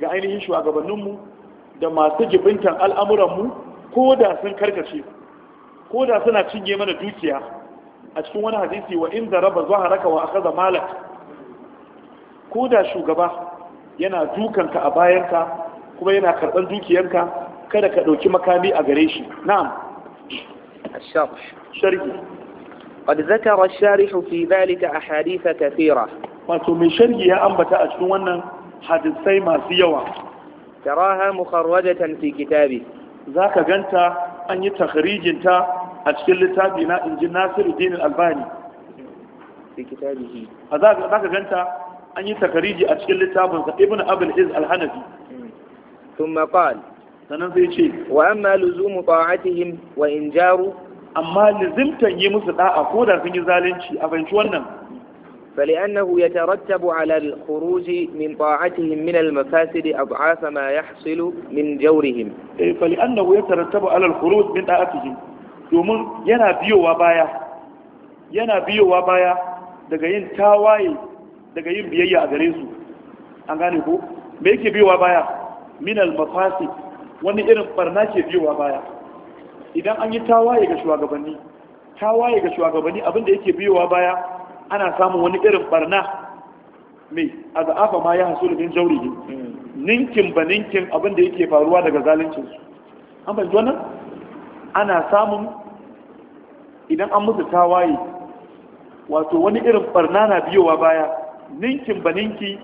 ga ainihin shugabanninmu da masu jibintan al'amuranmu ko da sun karkace ko suna cinye mana dukiya a cikin wani hadisi wa in da raba zaharaka wa akaza malak ko shugaba yana dukanka a bayanka kuma yana karɓar dukiyanka kada ka ɗauki makami a gare shi na'am sharhi قد ذكر الشارح في a أحاديث كثيرة wato mai sharhi ya ambata a cikin wannan hadisai masu yawa da mukharrajatan fi kitabi zaka ganta an yi takhrijinta cikin littafi na inji nasiru dinin albani a za ka ganta an yi takariji a cikin littafin sa ibn abul iz al alhanafi ثم قال sanan sai ce wa amma luzumu ta'atihim wa injaru amma lazimta yi musu da'a ko da sun yi zalunci a fahimci wannan فلأنه يترتب على الخروج من طاعتهم من المفاسد أضعاف ما يحصل من جورهم فلأنه يترتب على الخروج من طاعتهم domin yana biyowa baya yana biyowa baya daga yin tawaye daga yin biyayya a gare su an gane ko me yake biyowa baya minal mafasi wani irin barna ke biyowa baya idan an yi tawaye ga shugabanni tawaye ga shugabanni abinda yake biyowa baya ana samun wani irin barna mai azaba ma ya hasu lubin jauri hmm. ninkin ba ninkin abinda yake faruwa daga zaluncinsu an fahimci wannan ana samun idan an musu tawaye wato wani irin barna na biyowa baya ninkin ba ninki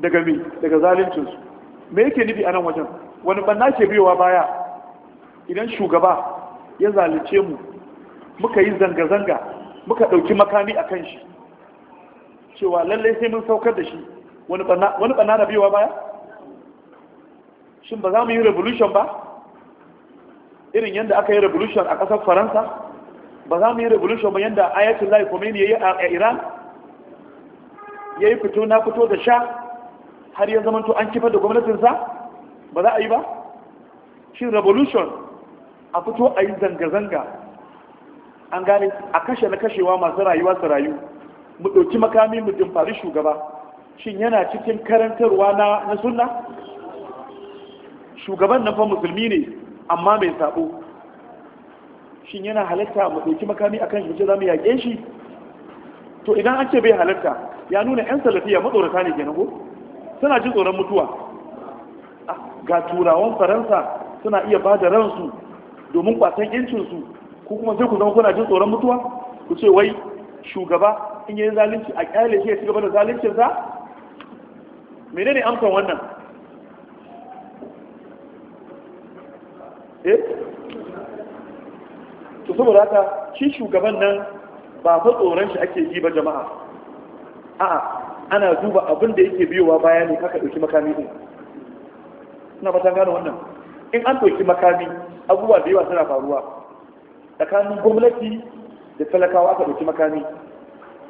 daga me daga zalincinsu me yake nufi a nan wajen wani barna ke biyowa baya idan shugaba ya zalunce mu muka yi zanga-zanga muka ɗauki makami a kan shi cewa lallai sai mun saukar da shi wani barna na biyowa baya shin ba za mu yi revolution ba irin yadda aka yi revolution a ƙasar faransa ba za mu yi revolution ba yadda ayatul lahi khomeini ya yi a iran ya yi fito na fito da sha har ya zamanto an kifar da gwamnatinsa ba za a yi ba shi revolution a fito a yi zanga-zanga an gane a kashe na kashewa masu rayuwa su rayu mu ɗauki makami mu dimfari shugaba shin yana cikin karantarwa na sunna shugaban nan fa musulmi ne amma mai sabo shin yana halatta mu dauki makami akan shi ce za mu yaƙe shi to idan an ce bai halatta ya nuna 'yan salafiya matsorata ne kenan ko suna ji tsoron mutuwa ah, ga turawan faransa suna iya ba da ransu domin kwatan su ko kuma sai ku zama kuna jin tsoron mutuwa ku ce wai shugaba in yi zalunci a kyale shi ya ci gaba da zaluncinsa menene amsan wannan eh to saboda haka shi shugaban nan ba fa tsoron shi ake yi ba jama'a a'a ana duba abin da yake biyowa baya ne aka ɗauki makami din ina fatan gano wannan in an ɗauki makami abubuwa da yawa suna faruwa tsakanin gwamnati da talakawa aka ɗauki makami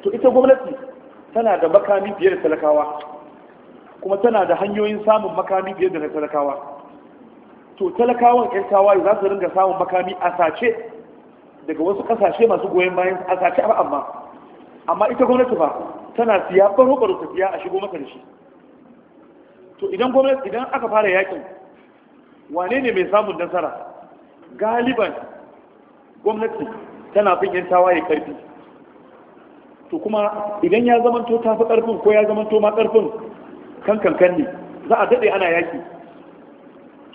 to ita gwamnati tana da makami fiye da talakawa kuma tana da hanyoyin samun makami fiye da na talakawa to talakawan 'yan tawaye za su ringa samun makami a sace daga wasu kasashe masu goyon bayan a sace a amma amma ita gwamnati ba tana siya baro baro ta a shigo masa da shi to idan gwamnati idan aka fara yakin wane ne mai samun nasara galiban gwamnati tana fin 'yan tawaye karfi to kuma idan ya zamanto ta fi karfin ko ya zamanto ma karfin kankan ne za a daɗe ana yaki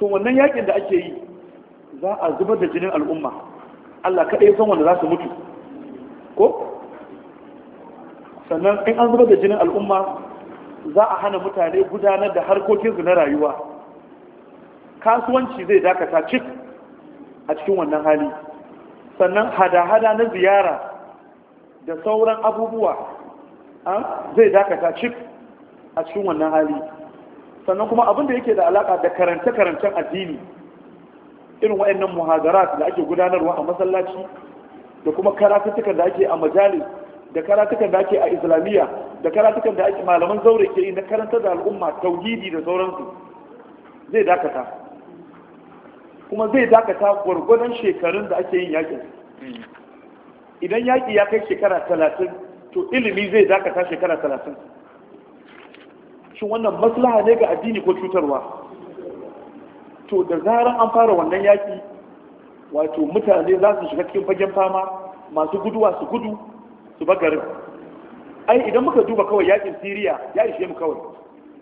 to wannan yakin da ake yi za a zubar da jinin al'umma Allah kaɗai san wanda za su mutu ko sannan in an zubar da jinin al'umma za a hana mutane gudanar da harkokinsu na rayuwa kasuwanci zai dakata cik a cikin wannan hali sannan hada-hada na ziyara da sauran abubuwa ah, zai dakata cik a cikin wannan hali sannan kuma abin da yake da alaka da karance-karancen addini irin wa'annan muhadarat da ake gudanarwa a masallaci da kuma karatukan da ake a majalis da karatukan da ake a islamiyya da karatukan da ake malaman zaure ke yi na karanta da al'umma tauhidi da sauransu zai dakata kuma zai dakata gwargwadon shekarun da ake yin yakin idan yaki ya kai shekara talatin to ilimi zai dakata shekara talatin shin wannan maslaha ne ga addini ko cutarwa to da zarar an fara wannan yaƙi wato mutane za su shiga cikin fagen fama masu guduwa su gudu su bagarin ai idan muka duba kawai yakin siriya ya ishe mu kawai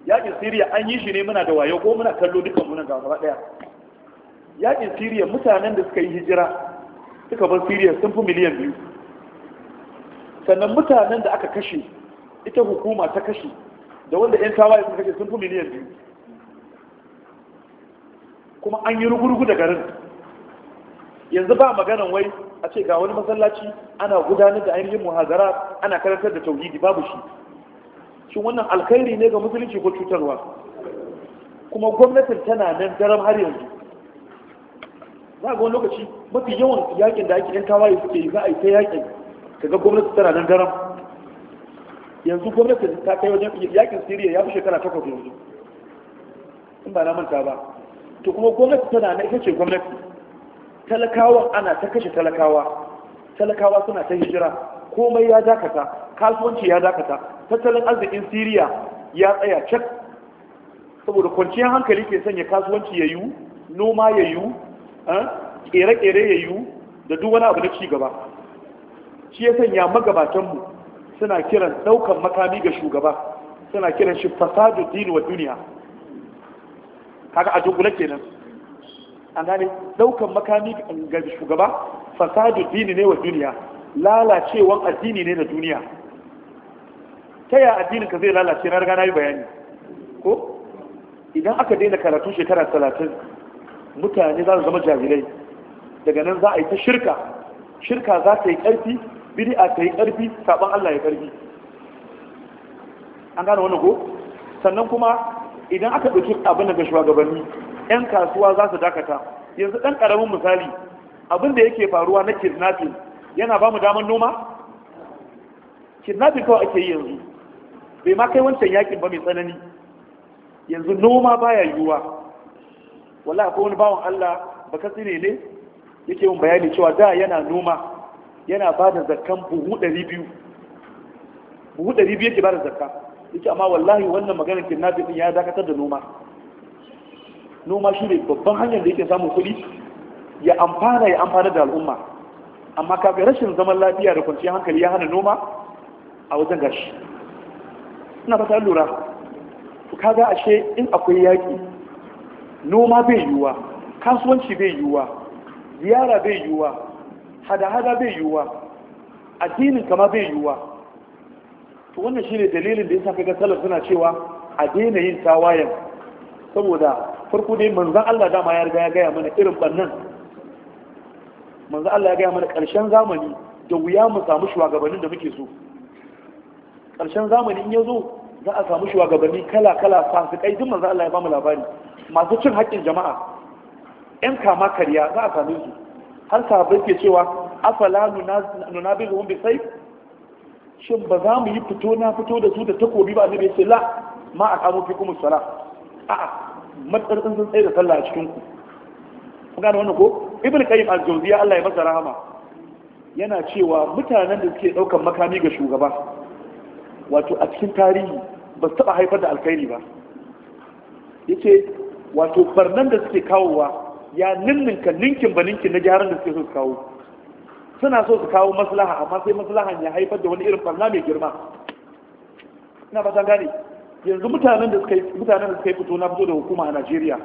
yakin siriya an yi shi ne muna da wayo ko muna kallo dukan muna gaba daya yakin siriya mutanen da suka yi hijira suka bar siriya sun fi miliyan biyu sannan mutanen da aka kashe ita hukuma ta kashe da wanda 'yan tawaye suka kashe sun fi miliyan biyu kuma an yi rugurugu da garin yanzu ba maganan wai a ce ga wani masallaci ana gudanar da ainihin muhazara ana karantar da tauhidi babu shi shin wannan alkhairi ne ga musulunci ko cutarwa kuma gwamnatin tana nan daram har yanzu za ga wani lokaci mafi yawan yakin da ake yan tawaye suke yi za a yi ta yakin kaga gwamnati tana nan daram yanzu gwamnati ta kai wajen yakin siriya ya fi shekara takwas yanzu in ba na manta ba to kuma gwamnati tana na ita ce gwamnati Talakawa ana ta kashe talakawa talakawa suna ta hijira komai ya dakata kasuwanci ya dakata tattalin arzikin siriya ya tsaya cak saboda kwanciyar hankali ke sanya kasuwanci ya yiwu noma ya yiwu eh, kere-kere ya yiwu da duk wani abu na ci gaba shi ya sanya magabatanmu suna kiran ɗaukan makami ga shugaba suna kiran shi fasadu dini wa duniya kaga a dunkule kenan an gane ɗaukan makami ga shugaba fasadu dini ne wa duniya lalacewan addini ne da duniya ta yaya addinin ka zai lalace na riga na yi bayani ko idan aka daina karatun shekara talatin mutane za su zama jahilai daga nan za a yi ta shirka shirka za ta yi ƙarfi bid'a ta yi ƙarfi saɓon Allah ya ƙarfi an gane wannan ko sannan kuma idan aka ɗauki abin daga shugabanni 'yan kasuwa za su dakata yanzu ɗan ƙaramin misali abin da yake faruwa na kidnapping yana ba mu damar noma kidnapping kawai ake yi yanzu bai ma kai wancan yakin ba mai tsanani yanzu noma baya yiwuwa wala akwai wani bawan Allah baka ne yake yin bayani cewa da yana noma yana ba da zakan buhu ɗari biyu buhu ɗari yake ba da zakka yake amma wallahi wannan maganar kidnapping ya dakatar da noma noma shi ne babban hanyar da yake samun kuɗi ya amfana ya amfana da al'umma amma kaga rashin zaman lafiya da kwanciyar hankali ya hana noma a wajen gashi ina fata lura kaga ashe in akwai yaƙi noma bai yiwuwa kasuwanci bai yiwuwa ziyara bai yiwuwa hada-hada bai yiwuwa addinin kama bai yiwuwa to wannan shine dalilin da yasa kaga salaf suna cewa a daina yin tawayen saboda farko dai manzon Allah dama ya riga ya gaya mana irin bannan manzon Allah ya gaya mana karshen zamani da wuya mu samu shugabannin da muke so karshen zamani in ya zo za a samu shugabanni kala-kala fasikai duk manzon Allah ya bamu labari masu cin haƙƙin jama'a 'yan kama karya za a same su har sahabbai ke cewa afala nunabiluhum bi sayf shin ba za mu yi fito na fito da su da takobi ba annabi ce la ma a kamo fi kuma salah a'a matsarkin sun tsaye da sallah a cikin ku gane wannan ko ibnu qayyim al-jawziya Allah ya masa rahama yana cewa mutanen da suke daukan makami ga shugaba wato a cikin tarihi ba su taba haifar da alkhairi ba yace wato barnan da suke kawowa ya ninninka ninkin ba ninkin na gyaran da suke su kawo suna so su kawo maslaha amma sai maslahan ya haifar da wani irin farna mai girma ina ba gane yanzu mutanen da suka yi mutanen da suka fito na fito da hukuma a Najeriya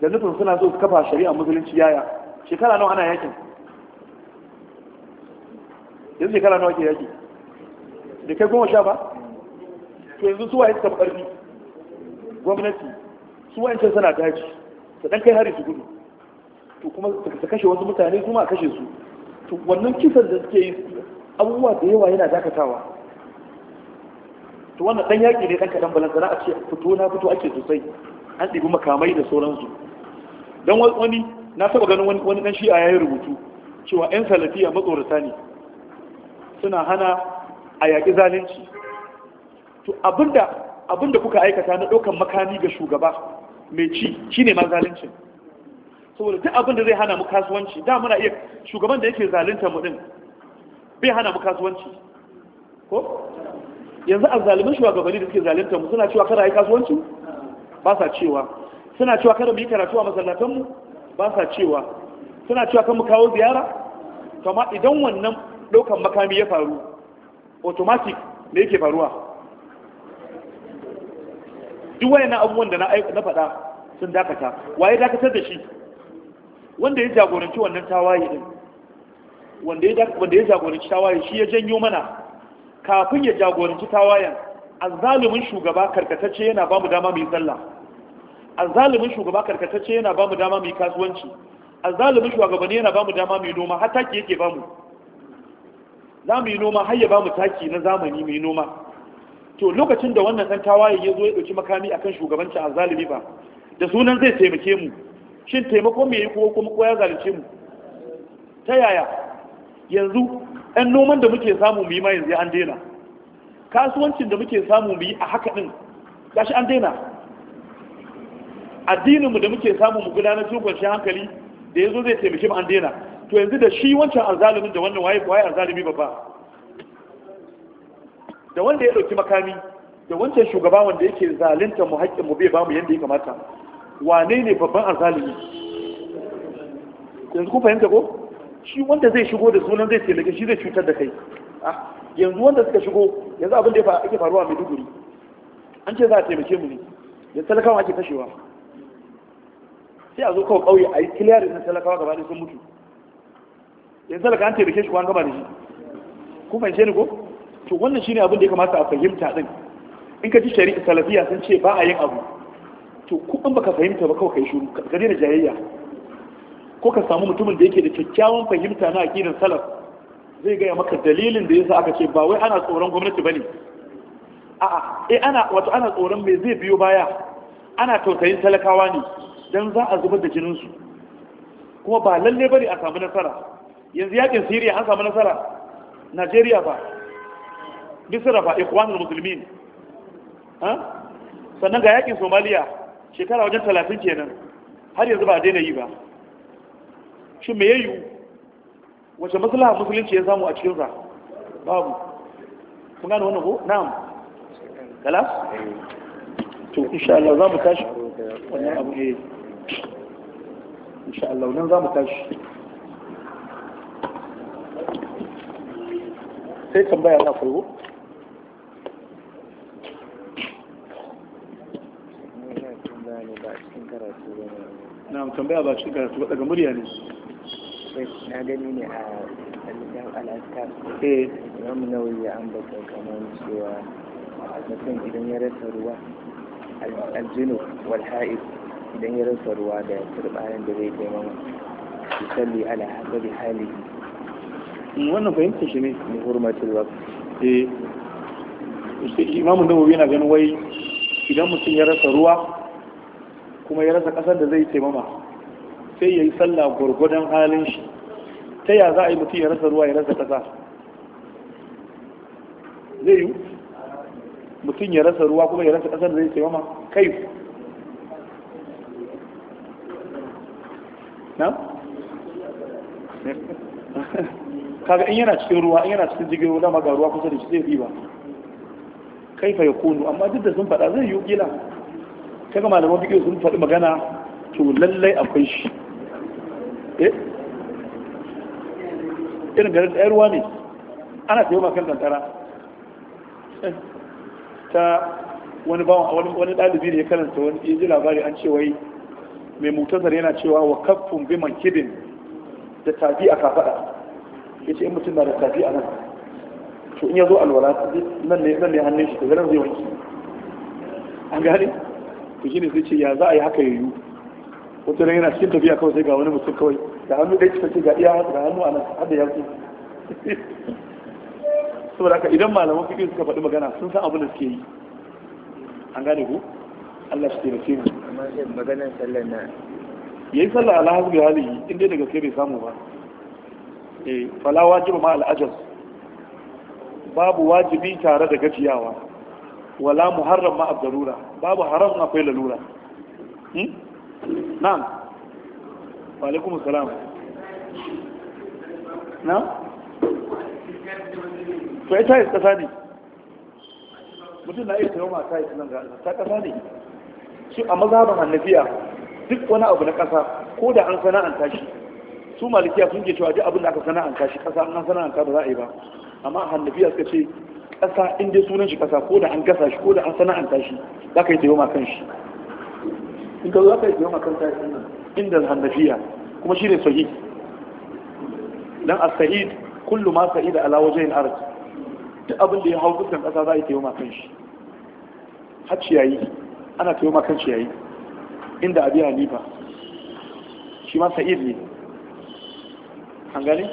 da nufin suna so su kafa shari'a musulunci yaya shekara nawa ana yakin yanzu shekara nawa ke yaki da kai goma sha ba to yanzu suwaye suka fi ƙarfi gwamnati su wa'ancan suna daji da kai hari su gudu to kuma ta kashe wasu mutane kuma a kashe su to wannan kisan da suke yi abubuwa da yawa yana dakatawa to wannan dan yaki ne dan kadan balantana a ce fito na fito ake sosai an ɗibi makamai da sauransu dan wani na saba ganin wani dan shi'a yayin rubutu cewa yan salafiya matsorata ne suna hana a yaƙi zalunci to abinda abinda kuka aikata na ɗaukan makami ga shugaba mai ci shi ne ma zalincin saboda duk abin da zai hana mu kasuwanci da muna iya shugaban da yake zalunta mu din bai hana mu kasuwanci ko yanzu a zalimin shugabanni da suke zalunta mu suna cewa kada yi kasuwanci ba sa cewa suna cewa kada mu yi karatu a masallatan mu ba sa cewa suna cewa kan mu kawo ziyara to amma idan wannan daukan makami ya faru automatic me yake faruwa duk na abubuwan da na na faɗa sun dakata waye dakatar da shi wanda ya jagoranci wannan tawaye din wanda ya wanda ya jagoranci tawaye shi ya janyo mana kafin ya jagoranci tawayen azzalumin shugaba karkatacce yana ba mu dama mu yi sallah azzalumin shugaba karkatacce yana ba mu dama mu yi kasuwanci azzalumin shugabanni yana ba mu dama mu yi noma har taki yake ba mu za mu yi noma har ya ba mu taki na zamani mu yi noma to lokacin da wannan ɗan tawaye ya zo ya ɗauki makami akan shugabancin azalimi ba da sunan zai taimake mu shin taimako me yi ko kuma ya zalunce mu ta yaya yanzu ɗan noman da muke samu mu yi ma yanzu an daina kasuwancin da muke samu mu yi a haka ɗin shi an daina addininmu da muke samu mu gudanar cikin kwanciyar hankali da yanzu zai taimake mu an daina to yanzu da shi wancan azalimin da wannan waye waye azalimi ba? da wanda ya ɗauki makami da wancan shugaba wanda yake zalunta mu haƙƙin mu bai bamu yadda ya kamata wane ne babban azalimi yanzu ku fahimta ko shi wanda zai shigo da sunan zai tilaka shi zai cutar da kai ah, yanzu wanda suka shigo yanzu abin da yake ake faruwa mai duguri an ce za a taimake mu ne da talakawa ake kashewa sai a zo kawai ƙauye a yi kiliyarin na talakawa gaba da sun mutu yanzu talaka an taimake shi ko an gama da shi ku fahimce ni ko to wannan shine abin da ya kamata a fahimta din in ka ji shari'a salafiya sun ce ba a yin abu to ku an baka fahimta ba kawai kai shiru ka daina jayayya ko ka samu mutumin da yake da kyakkyawan fahimta na aqidar salaf zai gaya maka dalilin da yasa aka ce ba wai ana tsoron gwamnati bane a'a eh ana wato ana tsoron me zai biyo baya ana tausayin talakawa ne dan za a zubar da jinin su kuma ba lalle bane a samu nasara yanzu yakin Syria an samu nasara Najeriya ba misra ba ikhwanul muslimin ha sannan ga yakin somaliya shekara wajen talatin kenan har yanzu ba a daina yi ba shi me yayu wace maslaha musulunci ya samu a cikin cikinsa babu kun gane wannan ko na'am Kala? to insha Allah za mu tashi wannan abu ne insha Allah nan za mu tashi sai tambaya na farko na tambaya ba cikin karatu daga murya ne na gani ne a littafin al'adkar eh imamu nawawi ya ambata kamar cewa mutum idan ya rasa ruwa aljinu wal ha'id idan ya rasa ruwa da turbanin da zai kai mama yusalli ala hasabi halihi wannan fahimta shi ne ni hurmatul waqt eh imamu nawawi yana ganin wai idan mutum ya rasa ruwa kuma ya rasa ƙasar da zai taimama sai ya yi sallah gwargwadon halin shi ta ya za a yi mutum ya rasa ruwa ya rasa ƙasa zai yi mutum ya rasa ruwa kuma ya rasa ƙasar da zai taimama kai na? kaga in yana cikin ruwa in yana cikin jirgin ruwa ga ruwa kusa da shi zai riba kaifa ya kunu amma duk da sun faɗa zai yi kila kaga malaman fiƙe sun faɗi magana to lallai akwai shi eh? irin garin ɗayarwa ne ana sayo makan kankara eh, ta wani a wani ɗalibi ne ya karanta wani ya labari an cewa yi mai mutazar yana cewa wa kafin bi man kidin da tafi a kafaɗa ya ce in mutum na da tafi a nan to in ya zo alwala nan ne hannun shi da nan zai wanki an gane to shine sai ce ya za a yi haka yayu wata ran yana cikin tafiya kawai sai ga wani mutum kawai da hannu ɗaya cikin ce ga iya da hannu a nan har da yatsu saboda haka idan malaman fiƙi suka faɗi magana sun san abin da suke yi an gane ku Allah shi taimake mu amma sai maganar sallar na yayi sallah ala hasbi halihi in dai daga sai bai samu ba eh fala jiba ma al babu wajibi tare da gajiyawa wala muharram ma abdarura babu haram akwai lalura hmm? na'am wa alaikum salam na'am to ita ce kasa ne mutum na iya tawo mata ita nan ga ta kasa ne su a mazhaban annabiya duk wani abu na kasa ko da an sana'anta shi su malikiya sun ke cewa duk abin da aka sana'anta shi kasa an sana'anta ba za a yi ba amma hannabiya suka ce ƙasa in dai sunan shi ƙasa ko da an gasa shi ko da an sana'anta shi za ka yi taimama kan shi in ka zo za ka yi taimama kan tashi nan inda hannafiya kuma shi ne sahi dan as-sa'id kullu ma sa'ida ala wajhil ard duk abin da ya hau dukkan ƙasa za a yi taimama kan shi har ciyayi ana taimama kan ciyayi inda abi hanifa shi ma sa'id ne an gane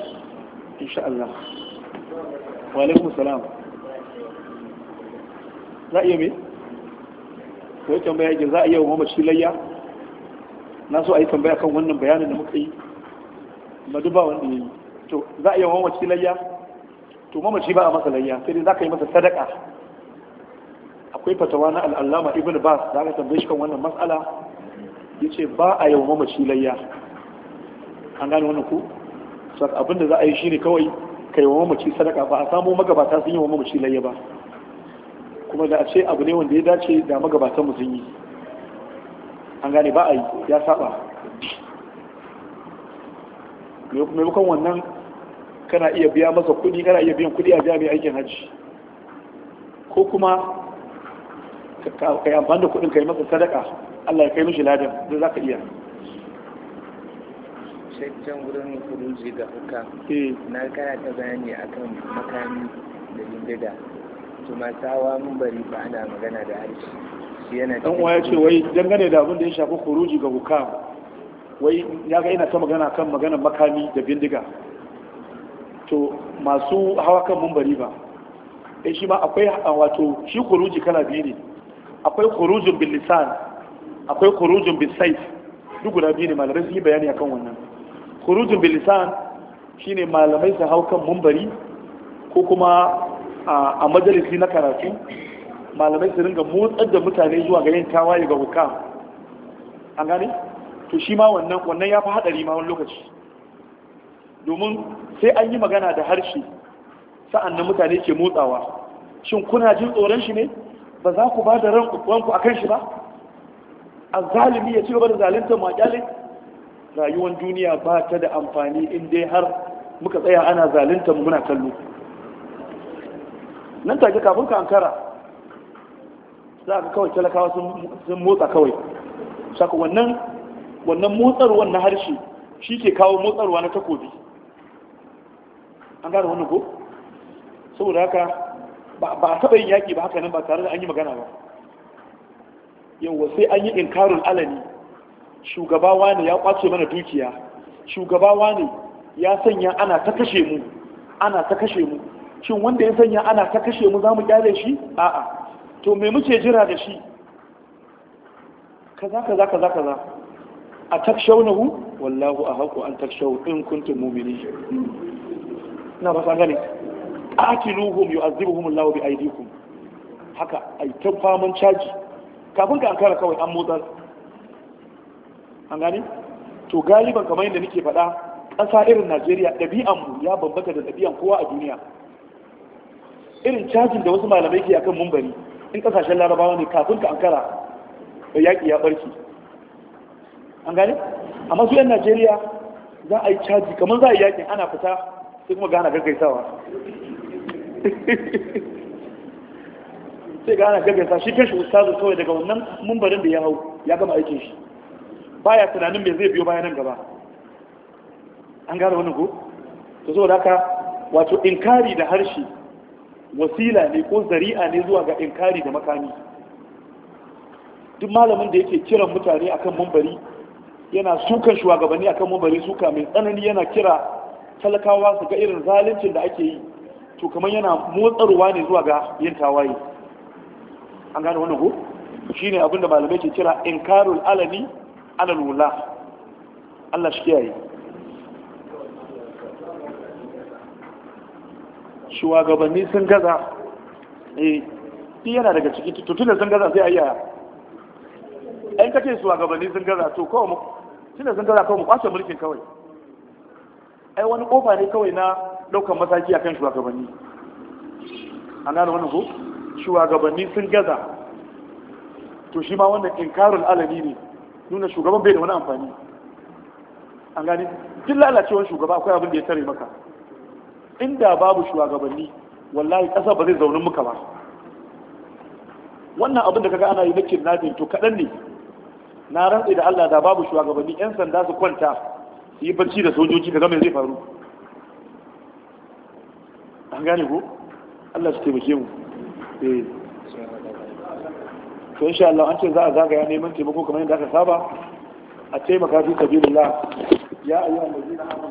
insha Allah wa alaikum salam za a iya ko tambaya yake za a iya wa mamaci layya na so a yi tambaya kan wannan bayanin da muka yi ba wanda ya yi to za a iya wa mamaci layya to mamaci ba a masa layya sai dai za ka yi masa sadaka akwai fatawa na al'allama ibn bas za ka tambaye shi kan wannan matsala ya ce ba a yi wa mamaci layya an gane wannan ku abinda za a yi shi ne kawai ka yi wa mamaci sadaka ba a samu magabata sun yi wa mamaci layya ba kuma da a ce abu ne wanda ya dace da magabatan sun yi an gane ba a yi ya saba maimakon wannan kana iya biya masa kudi kana iya biyan kudi a biya mai aikin hajji ko kuma ka yi amfani da kudin ka yi masa sadaka Allah ya kai mishi ladan zai za ka iya shaitan wurin kuruji eh. ga hukka na kana ta bayani akan makami da bindiga tumatawa mun bari ba ana magana da harshe shi yana dan uwa ce wai dangane da abin da ya shafi kuruji ga hukam wai ya ga ina ta magana kan maganar makami da bindiga to masu hawa kan mumbari ba eh shi ma akwai wato shi kuruji kala biyu ne akwai kurujin bil lisan akwai kurujin bil saif duk guda biyu ne malamai sun yi bayani akan wannan kurujin bil lisan shine malamai su hau kan mumbari ko kuma a majalisi na karatu malamai su ringa motsar da mutane zuwa ga yin tawaye ga hukam an gane to shi ma wannan ya fi haɗari ma wani lokaci domin sai an yi magana da harshe sa'an nan mutane ke motsawa shin kuna jin tsoron shi ne ba za ku ba da ranku a kan shi ba a zalimi ya ci gaba da zalunta kyale? rayuwar duniya ba ta da amfani in dai har muka tsaya ana zaluntar muna kallo nan take kafin ka ankara za ka kawai talakawa sun motsa kawai saka wannan wannan motsarwa na harshe shi ke kawo motsarwa na takobi an gane wannan ko saboda haka ba a taɓa yin yaƙi ba haka nan ba tare da an yi magana ba yawwa sai an yi inkarun alani shugabawa ne ya kwace mana dukiya shugabawa ne ya sanya ana ta kashe mu ana ta kashe mu shin wanda ya sanya ana ta kashe mu za mu kyale shi a'a to me muke jira da shi kaza kaza kaza kaza a takshawnahu wallahu a ahaqu an takshaw in kuntum mu'minin na ba san gane atiluhum yu'azibuhum Allahu bi aydikum haka ai ta faman caji kafin ka ankara kawai an motsar an gane to galiban kamar yadda nake faɗa ƙasa irin Najeriya ɗabi'an mu ya bambanta da ɗabi'an kowa a duniya irin cajin da wasu malamai ke akan mumbari in kasashen larabawa ne kafin ka ankara da yaƙi ya barki an gane amma masu yan najeriya za a yi caji kamar za a yi yaƙin ana fita sai kuma gana gaggaisawa sai gana gaggaisa shi kashi ustazu kawai daga wannan mumbarin da ya hau ya gama aikin shi baya tunanin me zai biyo nan gaba an gane wani ko to saboda haka wato inkari da harshe wasila ne ko zari'a ne zuwa ga inkari da makami duk malamin da yake kiran mutane akan mambari yana sukan shugabanni akan mambari suka mai tsanani yana kira talakawa su ga irin zaluncin da ake yi to kamar yana motsarwa ne zuwa ga yin tawaye an gane wannan ko shine abin malamai ke kira inkarul alani alal wula Allah shi kiyaye shugabanni sun gaza eh yana daga ciki tutun sun gaza sai ayya ai kace shugabanni sun gaza to kawai mu tunda sun gaza kawai mu kwace mulkin kawai ai wani kofa ne kawai na ɗaukan mataki akan shugabanni an gano wannan ko shugabanni sun gaza to shi ma wannan inkarul alami ne nuna shugaban bai da wani amfani an gani duk lalacewar shugaba akwai abin da ya tare maka inda babu shugabanni wallahi ƙasa ba zai zaunin muka ba wannan abin da kaga ana yi na kidnapping to kaɗan ne na rantse da Allah da babu shugabanni yan sanda su kwanta su yi barci da sojoji kaga me zai faru an gane ko Allah su taimake mu eh to insha Allah an ce za a zagaya neman taimako kamar yadda aka saba a taimaka fi sabilillah ya ayyuhal ladina amanu